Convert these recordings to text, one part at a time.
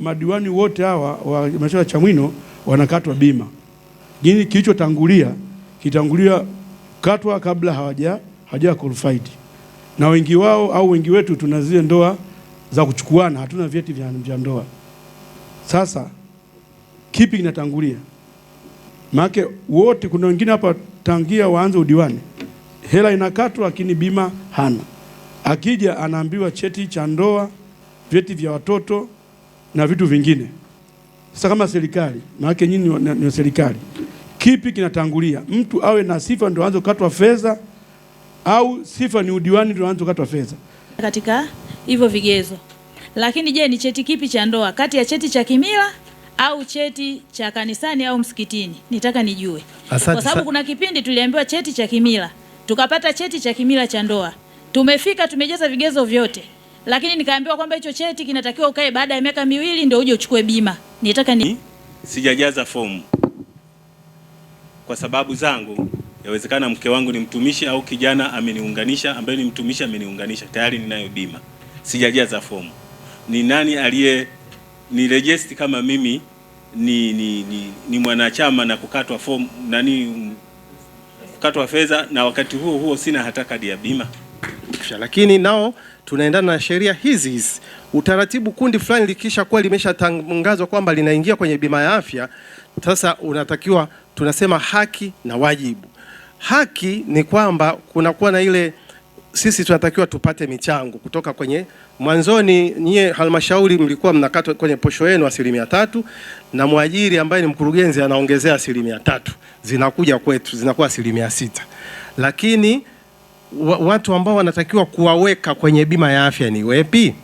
madiwani wote hawa wa halmashauri ya Chamwino wanakatwa bima. Kini kilichotangulia kitangulia katwa kabla hawaja hawaja qualified, na wengi wao au wengi wetu tuna zile ndoa za kuchukuana, hatuna vyeti vya ndoa. Sasa kipi kinatangulia? Maana wote kuna wengine hapa tangia waanze udiwani hela inakatwa, lakini bima hana. Akija anaambiwa cheti cha ndoa, vyeti vya watoto na vitu vingine. Sasa kama serikali, maanake nyinyi ni serikali, kipi kinatangulia? Mtu awe na sifa ndio aanze kukatwa fedha au sifa ni udiwani ndio aanze kukatwa fedha katika hivyo vigezo? Lakini je, ni cheti kipi cha ndoa kati ya cheti cha kimila au cheti cha kanisani au msikitini? Nitaka nijue, kwa sababu kuna kipindi tuliambiwa cheti cha kimila, tukapata cheti cha kimila cha ndoa, tumefika tumejaza vigezo vyote lakini nikaambiwa kwamba hicho cheti kinatakiwa ukae baada ya miaka miwili ndio uje uchukue bima. Nitaka ni... sijajaza fomu kwa sababu zangu, yawezekana mke wangu ni mtumishi au kijana ameniunganisha, ambaye ni mtumishi ameniunganisha, tayari ninayo bima, sijajaza fomu. Ni nani aliye ni register kama mimi ni, ni, ni, ni mwanachama na kukatwa fomu nani kukatwa fedha na wakati huo huo sina hata kadi ya bima kuepusha, lakini nao tunaendana na sheria hizi hizi. Utaratibu kundi fulani likisha kuwa limeshatangazwa kwamba linaingia kwenye bima ya afya, sasa unatakiwa tunasema haki na wajibu. Haki ni kwamba kunakuwa na ile sisi tunatakiwa tupate michango kutoka kwenye mwanzoni. Nyie halmashauri mlikuwa mnakata kwenye posho yenu asilimia tatu na mwajiri ambaye ni mkurugenzi anaongezea asilimia tatu zinakuja kwetu zinakuwa asilimia sita lakini watu ambao wanatakiwa kuwaweka kwenye bima ya afya ni wepi?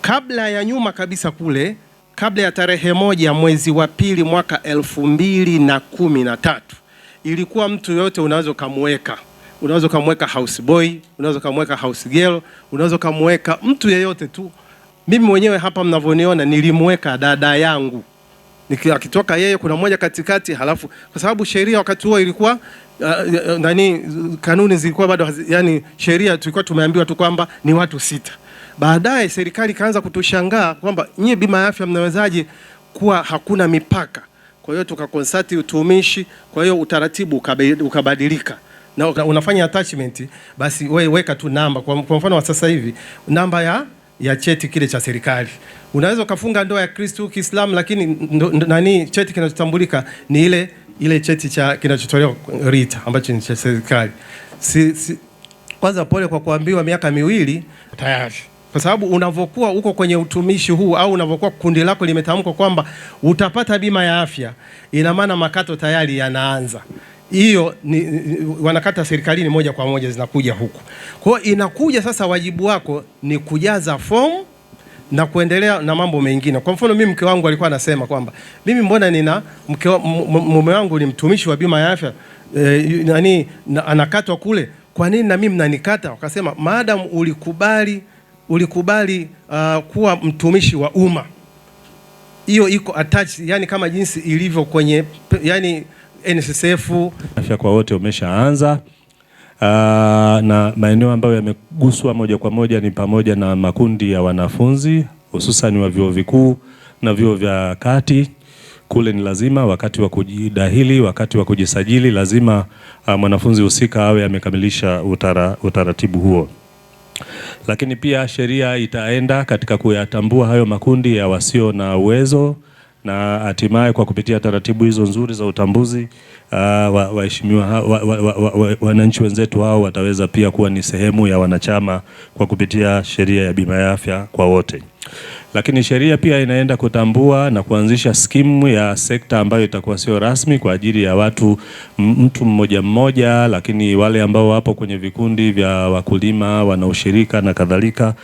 Kabla ya nyuma kabisa kule, kabla ya tarehe moja mwezi wa pili mwaka elfu mbili na kumi na tatu ilikuwa mtu yoyote unaweza ukamweka unaweza ukamweka house boy, unaweza ukamweka house girl, unaweza ukamweka mtu yeyote tu. Mimi mwenyewe hapa mnavyoniona nilimweka dada yangu, akitoka yeye kuna moja katikati, halafu kwa sababu sheria wakati huo ilikuwa uh, nani kanuni zilikuwa bado yani, sheria tulikuwa tumeambiwa tu kwamba ni watu sita. Baadaye serikali ikaanza kutushangaa kwamba nyie bima ya afya mnawezaje kuwa hakuna mipaka? Kwa hiyo tukakonsati utumishi, kwa hiyo utaratibu ukabadilika na unafanya attachment, basi we weka tu namba. Kwa mfano wa sasa hivi namba ya ya cheti kile cha serikali unaweza ukafunga ndoa ya Kristo Kiislamu, lakini nani cheti kinachotambulika ni ile ile cheti cha kinachotolewa RITA ambacho ni cha serikali si, si, kwanza pole kwa kuambiwa miaka miwili tayari, kwa sababu unavokuwa uko kwenye utumishi huu au unavokuwa kundi lako limetamkwa kwamba utapata bima ya afya, ina maana makato tayari yanaanza. Hiyo ni wanakata serikalini moja kwa moja zinakuja huku. Kwa hiyo inakuja sasa, wajibu wako ni kujaza fomu na kuendelea na mambo mengine. Kwa mfano mimi mke wangu alikuwa anasema kwamba mimi mbona nina mke mume wangu ni mtumishi wa bima ya afya e, nani na, anakatwa kule, kwa nini na mimi mnanikata? Wakasema madam ulikubali ulikubali uh, kuwa mtumishi wa umma, hiyo iko attached, yani kama jinsi ilivyo kwenye yani NSSF afya kwa wote umeshaanza. Ah, na maeneo ambayo yameguswa moja kwa moja ni pamoja na makundi ya wanafunzi hususan wa vyuo vikuu na vyuo vya kati. Kule ni lazima wakati wa kujidahili, wakati wa kujisajili, lazima ah, mwanafunzi husika awe amekamilisha utara, utaratibu huo. Lakini pia sheria itaenda katika kuyatambua hayo makundi ya wasio na uwezo na hatimaye kwa kupitia taratibu hizo nzuri za utambuzi uh, waheshimiwa wa wa, wa, wa, wa, wa, wenzetu hao wataweza pia kuwa ni sehemu ya wanachama kwa kupitia sheria ya bima ya afya kwa wote. Lakini sheria pia inaenda kutambua na kuanzisha skimu ya sekta ambayo itakuwa sio rasmi kwa ajili ya watu mtu mmoja mmoja, lakini wale ambao wapo kwenye vikundi vya wakulima, wanaushirika na kadhalika,